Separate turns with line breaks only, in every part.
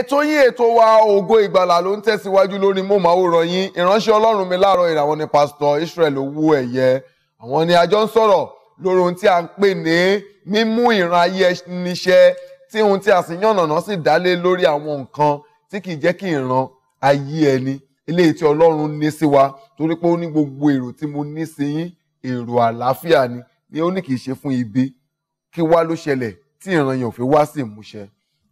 ètò yín ètò wa ògo ìgbàlà ló ń tẹ̀síwájú lórí móhùnmáwòrán yín ìránṣẹ́ ọlọ́run mi láàárọ̀ ìràwọ̀ ni pásítọ̀ Israel owó ẹ̀yẹ àwọn ni àjọ ń sọ̀rọ̀ lórí ohun tí a ń pè ní mímú ìran ayé níṣẹ́ tí ohun tí a sì yànnàná sì dálé lórí àwọn nǹkan tí kì í jẹ́ kí ìran ayé ẹni eléyìí tí ọlọ́run ní sí wa torí pé ó ní gbogbo èrò tí mo ní sí yín èrò àlàáfíà ni ni ó ní kì í ṣe fún ibi kí wá ló ṣẹlẹ̀ tí ìran yẹn ò fi wá sí ìmúṣẹ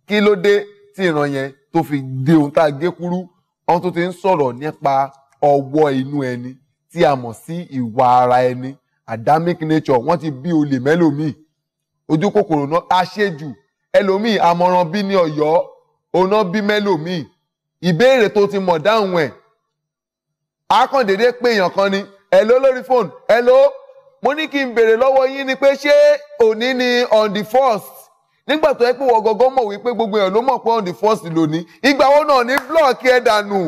kí ló dé tí ìran yẹn tó fi dé ohun tá a gé kúrú ohun tó ti ń sọ̀rọ̀ nípa ọwọ́ inú ẹni tí a mọ̀ sí ìwà ara ẹni adamic nature wọ́n ti bí olè mẹ́lòmíì ojú kòkòrò náà àṣejù ẹlòmíì àmọ̀ràn bí ní ọ̀yọ́ ọ̀nà bí mẹ́lòmíì ìbéèrè tó ti mọ̀ dáhùn ẹ̀ àkàndédé pé èèyàn kan ni hello lórí fóònù hello mo ní kí n béèrè lọ́wọ́ yín ni pé ṣé òní ni on the first nígbà tó yẹ pé wọ́n gangan mọ̀ wípé gbogbo èèyàn ló mọ̀ pé on the first lónìí ìgbà wo náà ní blọọkì ẹ̀ dànù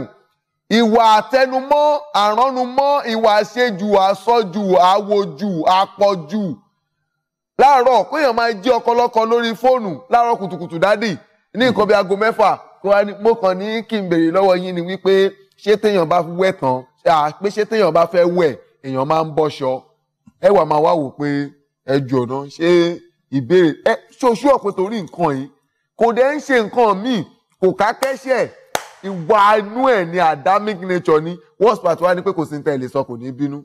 ìwà àtẹnumọ́ àránumọ́ ìwà àṣejù àsọjù àwòjù àpọ̀jù láàárọ̀ kéèyàn máa jí ọkọlọ́kọ lórí fóònù láàárọ̀ kùtùkùtù dádì ní nǹkan bíi aago mẹ́fà mo kàn ní kí n béèrè lọ́wọ́ yín ni wípé ṣé téèyàn bá wẹ̀ tán pé ṣé téèyàn bá fẹ́ wẹ̀ èèyàn máa ń bọ́ṣọ ẹ wà máa wá wò pé ẹ jọ̀nà ṣé ìbéèrè ẹ ṣoṣù ọ̀pẹ torí nǹkan yìí kò dẹ̀ ń ṣe nǹkan míì kò ká kẹ́ṣẹ̀ ìwà inú ẹ̀ ni adamic nature ni worst part wa ni pé kò sí ní tẹ̀lé sọ kò ní bínú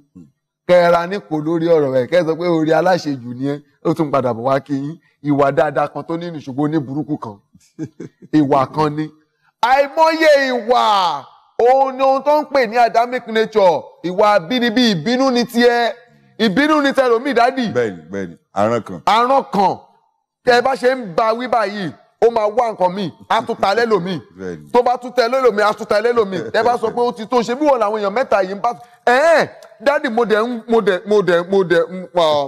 kẹra ní kò lórí ọ̀rọ̀ ẹ̀ kẹ́ sọ pé orí aláṣejù ni ẹ ó tún padà bọ̀ wá kí yín ìwà dáadáa kan tó ní ìṣògo ní burúkú kan ìwà kan ni àìmọye ìwà òun ni ohun tó ń pè ní adamic nature ìwà àbínibí ìbínú ni tiẹ̀ ìbínú ni tẹlómi dádì. bẹ́ẹ̀ni bẹ́ẹ̀ni àrán kan. àrán kan tẹ ẹ bá ṣe ń ba wí báyìí ó máa wá nǹkan míì á tún ta lẹ́lòmíì tó bá tún tẹ lẹ́lòmíì á tún ta lẹ́lòmíì ẹ bá sọ pé ó ti tó ṣe bí wọn làwọn èèyàn mẹ́ta yìí ń bá ẹ̀ẹ́n dáàdì mo dẹ̀ ń mo dẹ̀ mo dẹ̀ mo dẹ̀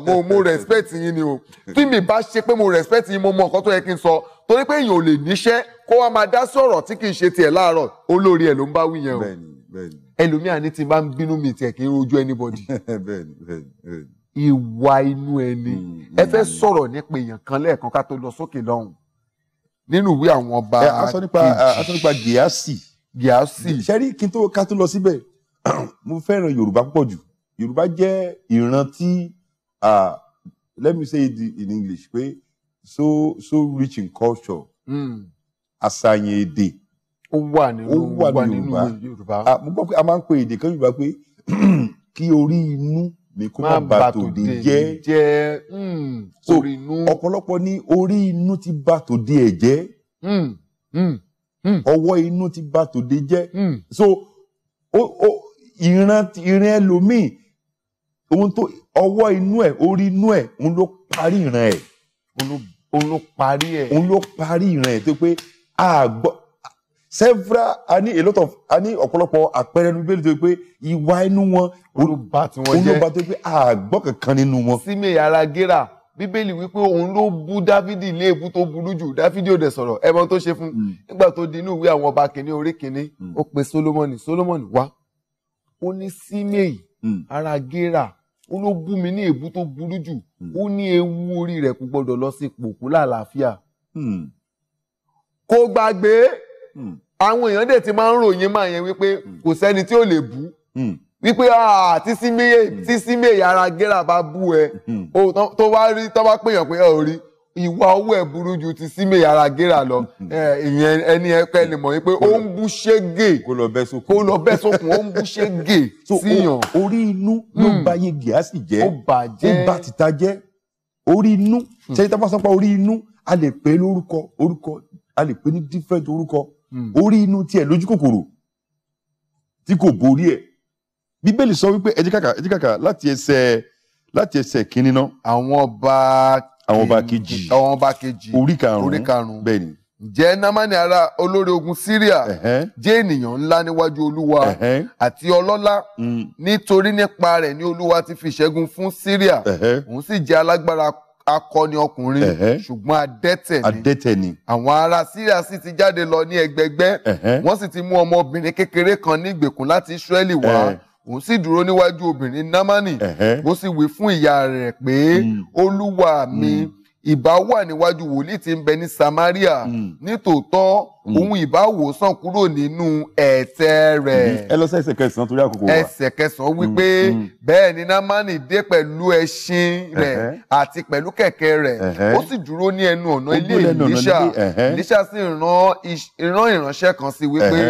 mo mo respect yín ni o tí mi bá ṣe pé mo respect yín mo mọ nǹkan tó yẹ kí n sọ torí pé èèyàn ò lè níṣẹ́ kó wá máa dá sí ọ̀rọ̀ tí kì í ṣe tiẹ̀ láàárọ̀ olórí ẹ̀ ló ń bá wí yẹn o ẹlòmíà ní ti máa ń bínú mi tiẹ̀ kì í rojú anybody. ìwà inú ẹni hmm, hmm, ẹ fẹ́ hmm. sọ̀rọ̀ nípa èèyàn kan lẹ́ẹ̀kan ká tó lọ sókè lọ́hùn nínú ìwé àwọn ọba kejì a sọ nípa a sọ nípa gíásì gíásì sẹ́rí kí n tó ká tó lọ síbẹ̀ mo fẹ́ràn yorùbá púpọ̀ jù yorùbá jẹ́ ìran tí let me say it in english pé so so rich in culture àṣàyàn èdè ó wà nínú ó wà nínú yorùbá mo gbọ́ pé a máa ń pe èdè kan yorùbá pé kí orí inú ni kó má bà tòde jẹ́ hmm, so ọ̀pọ̀lọpọ̀ ni orí inú ti bà tòde ẹ̀ jẹ́ hmm, hmm, ọwọ́ inú ti bà tòde jẹ́ so ìran ìran ẹlòmíì ohun tó ọwọ́ inú ẹ̀ orí inú ẹ̀ òun ló parí ìran ẹ̀ òun ló parí ẹ̀ òun ló parí ìran ẹ̀ tó pé àgbọ̀ several a ní a lot of a ní ọ̀pọ̀lọpọ̀ àpẹẹrẹ nínú bíbélì tó pé ìwà inú wọn olùbá tí wọ́n jẹ́ olùbá tó pé àgbọ́ kankan nínú wọn. sími ara gíra bíbélì wípé òun ló bú dáfídì ní èébú tó burú jù dáfídì ò dẹ̀ sọ̀rọ̀ ẹ mọ tó ṣe fún mm. nígbà tó di inú ìwé àwọn ọba kìnínní orí kìnínní mm. ó pe solomoni solomoni wá ó ní sími mm. ara gíra ó ló bú mi ní èébú tó burú jù ó ní ewu orí rẹ̀ kò gbọdọ̀ lọ sí ipò kú gbàgbé Hmm. àwọn èèyàn dẹ̀ ti máa ń ròyìn máa yẹn wípé hmm. kò sẹ́ni tí ó lè bú hmm. wípé ah, tí símẹ́yà ara gẹ́rà bá bú ẹ tó wá rí tó bá pèèyàn pé ẹ ò rí ìwà owó ẹ burú ju ti símẹ́yà ara gẹ́rà lọ ìyẹn ẹni ẹ ni mọ̀ wípé ó ń bú ṣégè kó lọ bẹ́ sókun kó lọ bẹ́ sókun ó ń bú ṣégè síyàn. orí inú ló ba yege á sì jẹ́ ó bà tìta jẹ́ orí inú ṣe é tá a bá sọ pé orí inú a lè pè é lórúkọ orúkọ a lè pè é ní different orúkọ Hmm. orí inú tiẹ̀ lójú kòkòrò tí kò borí ẹ̀ bíbélì sọ wípé ẹ jẹ́ kàkà ẹ jẹ́ kàkà láti ẹsẹ̀ láti ẹsẹ̀ kínní náà. àwọn ọba àwọn ọba kejì àwọn ọba kejì orí karùnún orí karùnún bẹ́ẹ̀ ni. ǹjẹ́ námánì ará olórí ogun síríà jẹ́ ènìyàn ńlá níwájú olúwa àti ọlọ́lá hmm. nítorí nípa rẹ̀ ni olúwa ti fi ṣẹ́gun fún síríà òun sì jẹ́ alágbára akọni ọkùnrin ṣùgbọ́n adẹ́tẹ̀ ni adẹ́tẹ̀ ni àwọn ará síríà sì ti jáde lọ ní ẹgbẹgbẹ́ wọ́n sì ti mú ọmọbìnrin kékeré kan ní ìgbèkùn láti Ísírẹ́lì wá òun sì dúró níwájú obìnrin námánì ó sì wí fún ìyá rẹ̀ pé hmm. olúwa mi hmm. ìbá wà níwájú wòlíì tí ń bẹ ní Samaria hmm. nítòótọ́ òun mm. ìbá wòsàn kúrò nínú ẹ̀tẹ̀ rẹ̀. Mm-hmm. ẹ lọ sí ẹsẹ̀ kẹsàn-án torí àkókò wa. ẹsẹ̀ kẹsàn-án wípé mm, mm. bẹ́ẹ̀ ni námánì dé pẹ̀lú ẹṣin rẹ̀ àti pẹ̀lú kẹ̀kẹ́ rẹ̀ ó sì dúró ní ẹnu ọ̀nà ilé Èlíṣà Èlíṣà sì rán ìránṣẹ́ kan sí wípé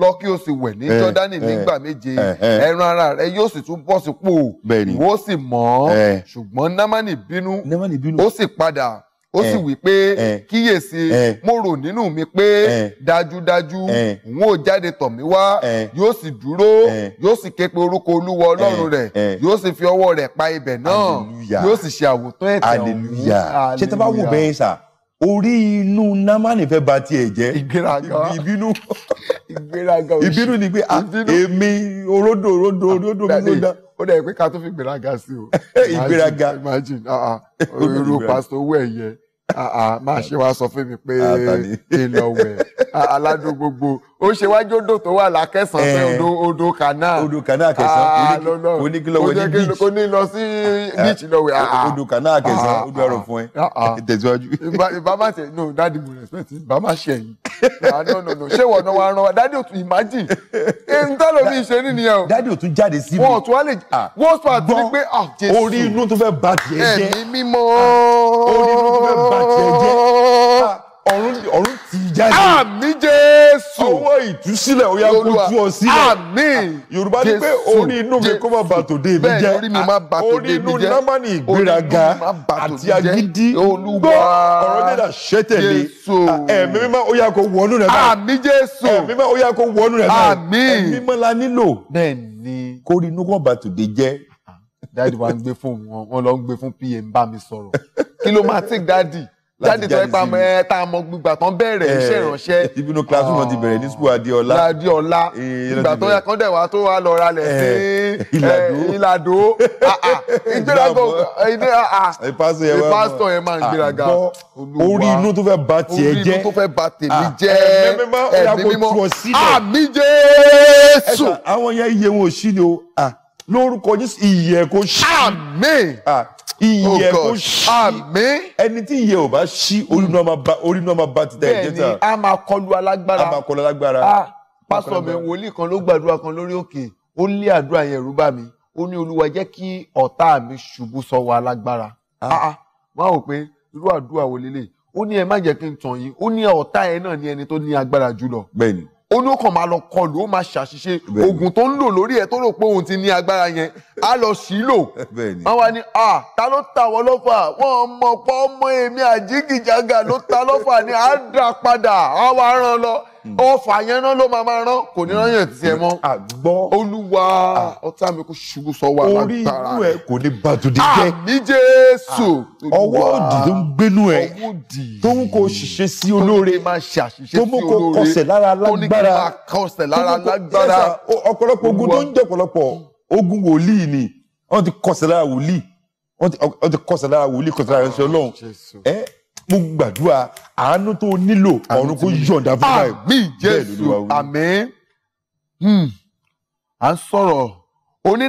lọ kí o sì wẹ̀ ní Jọ́dánì nígbà méje ẹran ara rẹ yóò sì tún bọ̀ sípò ìwọ sì mọ́ ṣùgbọ́n námánì bínú ó sì padà ó sì wí pé kíyèsí mo rò nínú mi pé dájúdájú òun ò jáde tọ̀ mí wá yóò sì dúró yóò sì ké pe orúkọ olúwa ọlọ́run rẹ̀ yóò sì fi ọwọ́ rẹ̀ pa ibẹ̀ náà yóò sì ṣe àwòtán ẹ̀tẹ̀ ọ̀hún. ṣé tí a bá wù bẹ́ẹ̀ sà orí inú námánì fẹ́ ba tiẹ̀ jẹ́ ìbínú ìbínú ni pé ah, èmi orodo orodo orodo ah, mi ló dá. ó dẹ̀ pé ká fi gbéraga sí o. ìgbéraga imagine ah, irú pásítọ̀ owó ẹ̀yẹ máa ṣe wá sọ fún mi pé kí n lọ wẹ̀ aládùn gbogbo ó ṣe wájú odò tó wà lákẹsàn fẹ eh. odò odò kanáà odò kanáà kẹsàn ah, oníkìlọwẹ ní beach oní lọ sí eh, beach lọwẹ. Ah, odò kanáà kẹsàn odò ẹrọ fún ẹ ah, tẹsíwájú. ìbámu àti no dadi mo respect ìbámu àṣẹ yìí no no no ṣé wọ́n náà wá rán wa dadi òtún imagine n tá lómi ṣe nìyẹn o. dadi òtún jáde sí mi. tún wá lè worst part ni pé ah jésù orí inú tó fẹ́ bàjẹ́ jẹ́ ẹ̀mí mímọ́ orí inú tó fẹ́ bàjẹ́ jẹ́ àmì jésù owó ìtúsílẹ̀ ó yá kó tú ọ sílẹ̀ àmì ah, yorùbá ní pé orí inú mi kó má bà tòde mi jẹ́ orí ah, inú námánì ìgbéraga àti agídí gbọ́ ọ̀rọ̀ dídà ṣẹ́tẹ̀lé ah, ẹ̀mí mímọ́ ó yá kó wọnú rẹ̀ náà àmì jésù ẹ̀mí mímọ́ ó yá kó wọnú rẹ̀ náà àmì ẹ̀mí mímọ́ la nílò kórìí inú kó má bà tòde jẹ́ dáàdi wa ń gbé fún wọn wọn lọ ń gbé fún pm bá mi sọ̀rọ̀ kí ló máa take dáàdi jáde tó ẹ pa mọ ẹ tá a mọ gbígbà tán bẹ̀rẹ̀ eh, iṣẹ́ ìránṣẹ́. ìbínú kílásì náà ti bẹ̀rẹ̀ ní sukuu adéọlá. adéọlá eh, ìgbà tó yẹ kán dẹ̀ wá tó wá lọ ra lẹ̀ sí eh, ìlàdó ah, ah. ìgbéraga ìpásítọ̀ ah, yẹn máa ń gbéraga. orí inú tó fẹ́ ba tiẹ̀ jẹ́ orí inú tó fẹ́ ba tèmi jẹ́ ẹ̀mí mímọ́ àmì jésù. àwọn yẹn iye wọn ò sí ni o lórúkọ yín iyẹ̀ kò sí. àmín iye oh, kò ṣí ẹni tí iye ò bá ṣí orí náà máa bá ti tẹ̀ jẹ́ta. bẹ́ẹ̀ni a máa kọlu alágbára a máa kọlu alágbára. Ah, a pásọ mi wòlíì kan ló gbàdúrà kan lórí òkè ó lé àdúrà yẹn rú bá mi ó ní olúwa jẹ́ kí ọ̀tá mi ṣubú sọ́wọ́ alágbára. Ah. Ah, wọ́n á wò pé irú àdúrà wo lélẹ̀ ó ní ẹ má jẹ́ kí n tàn yín ó ní ọ̀tá ẹ náà ní ẹni tó ní agbára jùlọ. bẹ́ẹ̀ni ó ní ó kàn máa lọ kọlù ó máa ṣàṣìṣe oògùn tó ń lò lórí ẹ tó rò pé òun ti ní agbára yẹn á lọ sí lò wọn wá ní à ta ló ta wọn lọ́fà wọn mọ̀ pọ̀ ọmọ èmi àjíǹkìjàgà ló ta lọ́fà ni à á dà padà á wá rán lọ Hmm. ọfà yẹn rán ló máa máa rán kò ní rányàn tiẹ̀ mọ́ olúwa ah. ọ̀tá mi kò ṣubú sọ wà lágbára orí inú ẹ kò ní bàtúndì jẹ́ àmì jésù ah. ọwọ́ òdì tó ń gbénú ẹ tó ń kó ṣiṣẹ́ sí olóore tó mú kó kọsẹ̀ lára lágbára ọ̀pọ̀lọpọ̀ ogun tó ń jẹ́ ọ̀pọ̀lọpọ̀ ogun wòlíì ni wọ́n ti kọsẹ̀ lára wòlíì wọ́n ti kọsẹ̀ lára wòlíì kọsẹ̀ lára ẹ̀ṣẹ̀ ọlọ́run mo gbàdúrà àánú tó nílò ọ̀run kó yọ̀ǹda fún báyìí. àmín jésù àmín hmm. à ń sọ̀rọ̀ oní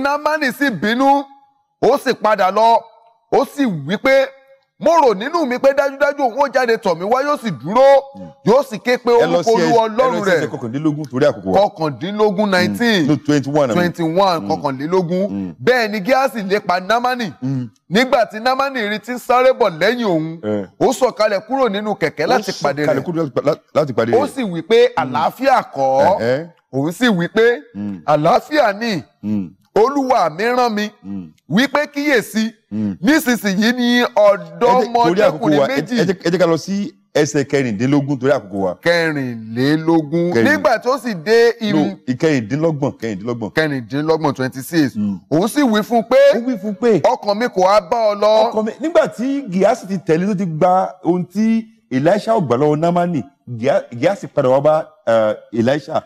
sì bínú ó sì padà lọ ó sì wí pé mo rò nínú mi pé dájúdájú òun ó jáde tọ̀ mí wá yóò sì dúró yóò sì ké pé orúkọ olú ọlọ́run rẹ̀ kọkàndínlógún torí àkókò wa kọkàndínlógún mm. nineteen twenty one twenty one mm. kọkàndínlógún mm. bẹ́ẹ̀ ni gíásì lépa námánì nígbà tí námánì rí ti ń sáré bọ̀ lẹ́yìn òun eh. ó sọ̀kalẹ̀ kúrò nínú kẹ̀kẹ́ láti pàdé rẹ̀ ó sì wí pé àlàáfíà kọ́ eh, eh. òun sì wí pé àlàáfíà ni olúwa mi rán mi hmm. wípé kíyèsí hmm. nísinsìnyí ni ọ̀dọ́mọdékùnrin méjì. ẹ jẹ́ ká lọ sí ẹsẹ̀ kẹrìndínlógún torí àkókò wa. kẹrìnlélógún nígbà tó sì dé inú. ìkẹyìndínlọ́gbọ̀n kẹrìndínlọ́gbọ̀n. kẹrìndínlọ́gbọ̀n twenty six. Hmm. òun sì wí fún un pé. ó wí fún un ọkàn mi kò á bá ọ lọ. nígbà tí gíásì ti tẹ̀lé tó ti gba ohun tí elisha ò gbà lọ́wọ́ námánì gíásì padà wá bá eh, elisha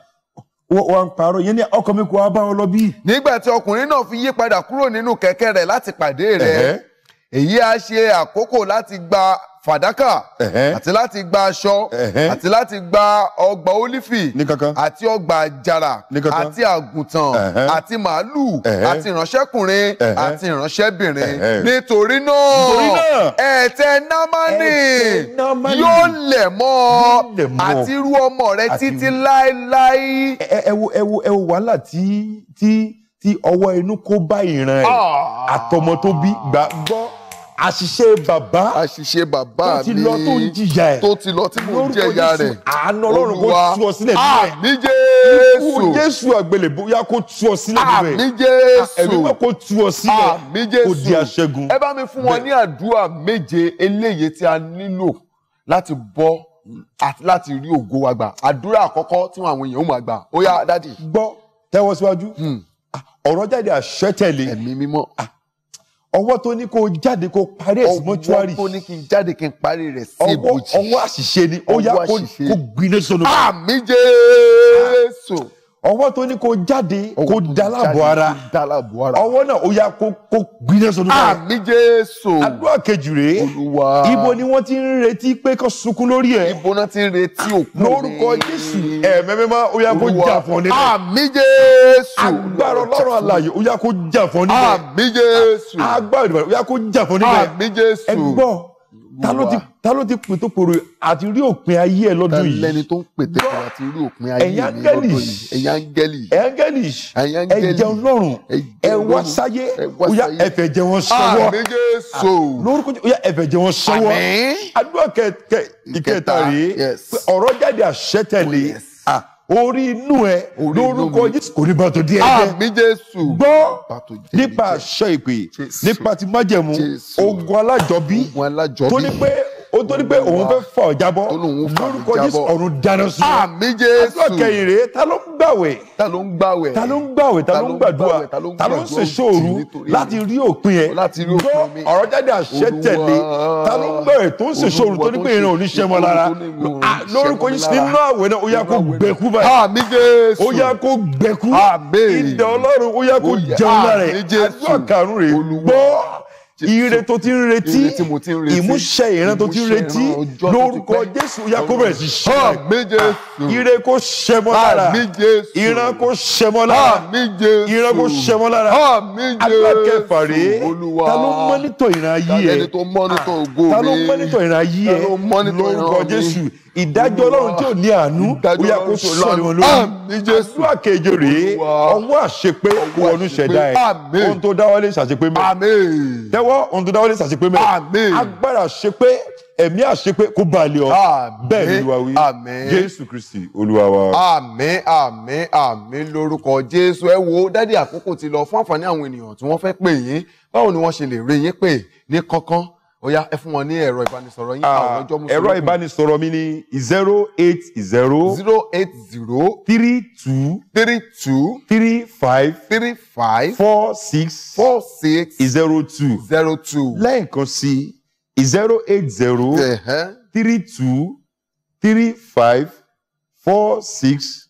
wọ́n parọ́ yẹn ni ọkọ mi kò wá bá ọ lọ bí. nígbà tí ọkùnrin náà fi yí padà kúrò nínú kẹ̀kẹ́ rẹ̀ láti pàdé rẹ̀ èyí á ṣe àkókò láti gba fàdákà àti láti gba aṣọ àti láti gba ọgbà ólífì àti ọgbà àjàrà àti àgùntàn àti màálù àti ìránṣẹ́kùnrin àti ìránṣẹ́bìnrin nítorí náà ẹ̀tẹ̀ námánì yóò lẹ̀ mọ́ àti irú ọmọ rẹ títí láéláé. ẹ wo ẹ wo ẹ wo wàhálà tí tí tí ọwọ́ inú kó bá ìran ẹ̀ ah. àtọmọ tó bí gbọ́ àṣìṣe bàbá àṣìṣe bàbá mi tó ti lọ tó ń jìyà ẹ tó ti lọ tí mò ń jẹyà rẹ àánú Ọlọ́run kó tú ọ sílẹ̀ nílẹ̀ àmì Jésù ikú Jésù àgbélébùyá kó tú ọ sílẹ̀ nílẹ̀ àmì Jésù ẹ̀mí mọ́ kó tú ọ sílẹ̀ àmì Jésù kò di àṣẹgun. ẹ bá mi fún wọn ní àdúrà méje eléyìí tí a nílò láti bọ́ àti láti rí ògo wa gbà àdúrà àkọ́kọ́ tí àwọn èèyàn ó máa gbà ó yá dádì. gbọ́ tẹ́wọ́ síwájú hmm. ọ̀rọ̀ jáde àṣẹ tẹ̀lé ẹ̀mí mímọ́ ọwọ́ tó ní kó jáde kó parí ẹ̀ sí mọ́túárì ọwọ́ tó ní kí n jáde kí n parí rẹ̀ sí ibojì ọwọ́ àṣìṣe ni ó yá kó gbiná sọnù. àmì jésù ọwọ́ tó ní kó jáde kó dalabo ara ọwọ́ náà ó yá kó kó gbiná sọdún báyìí. àmì jésù. àdúrà kejì rèé olúwa ibo ni wọ́n ti ń retí pé kó sunkún lórí ẹ̀. ibo náà ti ń retí òkú mi. lórúkọ jésù ẹ̀ẹ́mẹ́mẹ́má ó yá kó jà fún ọ níbẹ̀. àmì jésù. agbára ọlọ́run alààyè ó yá kó jà fún ọ níbẹ̀. àmì jésù. agbára ìdìbò ó yá kó jà fún ọ níbẹ̀. àmì jésù. ẹ gbọ́ ta ló ti ta ló ti pètò pòrò àti rí òpin ayé ẹ lọ́dún yìí. ta lẹni tó ń pètè pòrò àti rí òpin ayé mi lọ́dún yìí ẹ̀yin áńgẹ́lì ẹ̀yin áńgẹ́lì ẹ̀jẹ̀ ọlọ́run ẹ wá sáyé oya ẹ̀fẹ̀ jẹ wọn sọ́wọ́ ah, lórúkọ oya ẹ̀fẹ̀ jẹ wọn sọ́wọ́ àdúrà kẹta rèé ọ̀rọ̀ jáde àṣẹ tẹ̀lé. Oh, orí inú ẹ lórúkọ Jésù kò ní bàtò díẹ̀ jẹ́ àmì Jésù gbọ́ nípa àṣẹ ìpè nípa ti májẹ̀mú ogun alájọbí tó ní pé ó torí pé òun fẹ́ fà ọ́ lórúkọ jésù ọ̀run dáná sun ọ́ àmì jésù àtúwàkẹ́yìn rèé ta ló ń gbàwẹ̀ ta ló ń gbàwẹ̀ ta ló ń gbàwẹ̀ ta ló ń gbàdúrà ta ló ń ṣèṣòru láti rí òpin ẹ̀ gbọ́ ọ̀rọ̀ jáde àṣẹ tẹ̀lé ta ló ń gbàwẹ̀ tó ń ṣèṣòru torí pé ìran ò ní ṣẹ́ lára lórúkọ jésù nínú àwẹ̀ náà ó yá kó gbẹ̀kú báyìí àmì jésù ó yá kó gbẹ̀kú ire tó ti ń retí ìmúṣẹ ìran tó ti ń retí lórúkọ jésù yakobẹ ṣiṣẹ ire kó ṣẹmọ lára ìran kó ṣẹmọ lára ìran kó ṣẹmọ lára agbákẹfà rèé ta ló mọ́nítọ̀ ìran ayé ẹ ta ló mọ́nítọ̀ ìran ayé ẹ lórúkọ jésù ìdájọ́ ọlọ́run tí ò ní àánú bóyá kó sọ̀rọ̀ wọn lórí àdúrà kejì rèé ọwọ́ àṣepé wọnú ṣẹ̀dá ẹ̀ ohun tó dáwọ́lé ṣàṣepé mẹ́rin tẹ́wọ́ ohun tó dáwọ́lé ṣàṣepé mẹ́rin agbára ṣepé ẹ̀mí àṣepé kó balẹ̀ ọ bẹ́ẹ̀ ni wà wí jésù kristi olúwa wa. àmín àmín lórúkọ jésù ẹ wo dádì àkókò ti lọ fún àǹfààní àwọn ènìyàn tí wọ́n fẹ́ pè yín báwo ni wọ́n ṣe lè rí yín pè ní kánkán ó yá ẹ fún wọn ní ẹ̀rọ ìbánisọ̀rọ̀ yín àwọn ah, ọjọ́ mùsùlùmí. ẹ̀rọ ìbánisọ̀rọ̀ mi ni zero eight zero. zero eight zero. three two. three two. three five. three five. four six. four six. zero two. zero two. lẹ́ẹ̀kan sí zero eight zero. three two. three five. four six.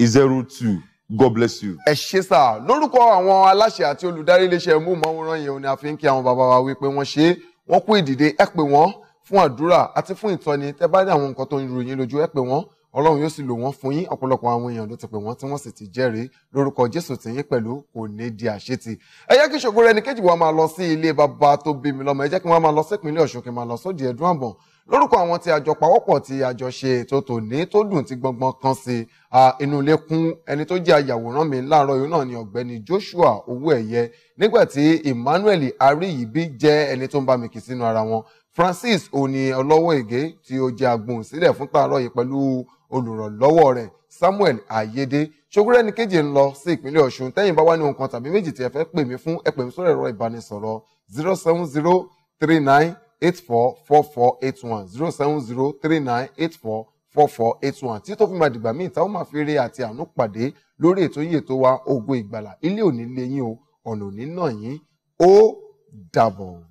zero two. God bless you. ẹ ṣe sá lórúkọ àwọn aláṣẹ àti olùdarí iléeṣẹ́ mú mọ́wòrán yẹn ni a fi ń kí àwọn bàbá wa wí pé wọ́n ṣe é wọ́n kú ìdìde ẹ pè wọ́n fún àdúrà àti fún ìtọ́ni tẹ́ bá dé àwọn nǹkan tó ń ròyìn lójú ẹ pè wọ́n ọlọ́run yóò sì lò wọ́n fún yín ọ̀pọ̀lọpọ̀ àwọn èèyàn ló ti pè wọ́n tí wọ́n sì ti jẹ́rìí lórúkọ jésù tìyín pẹ̀lú kò ní di àṣetì ẹ jẹ́ kí ṣògo rẹ ní kéjì wa máa lọ sí ilé bàbá tó bí mi lọ́mọ ẹ jẹ́ kí wọ́n máa lọ sípínlẹ̀ ọ̀ṣun kí n máa lọ sóde ẹ̀dùn àbọ̀n lórúkọ àwọn tí àjọ pawọ́pọ̀ tí àjọ ṣe ètò tòní tó dùn tí gbọ̀ngbọ̀n kan sí inú ilé kún ẹni tó jẹ́ ayàwòrán mi láàárọ̀ yìí náà ni ọ̀gbẹ́ni Joshua Owóẹ̀yẹ nígbàtí Emmanuel Aríyìbí jẹ́ ẹni tó ń bá mi kì sínú ara wọn Francis Oni ọlọ́wọ́ ègé tí ó jẹ́ agbóhùn sílẹ̀ fún tààrọ̀ yìí pẹ̀lú olùrànlọ́wọ́ rẹ̀ Samuel Ayédè ṣogúnrẹ́ ni kéje ń lọ sí ìpínlẹ̀ Ọ̀ṣun tẹ́yìn bá wá ní ohun kan tàbí méjì tí ẹ fẹ́ pè mí fún ẹ pè mí sórí ẹ̀rọ ìbánisọ̀rọ̀ zero seven zero three nine eight four four four eight one zero seven zero three nine eight four four four eight one tí tó fi máa dìgbà míì táwọn máa fi rí àti àánú pàdé lórí ètò yìí ètò wa Ògo Ìgbàlà ilé òní lẹ́yìn o ọ̀nà òní náà yín ó dàbọ̀.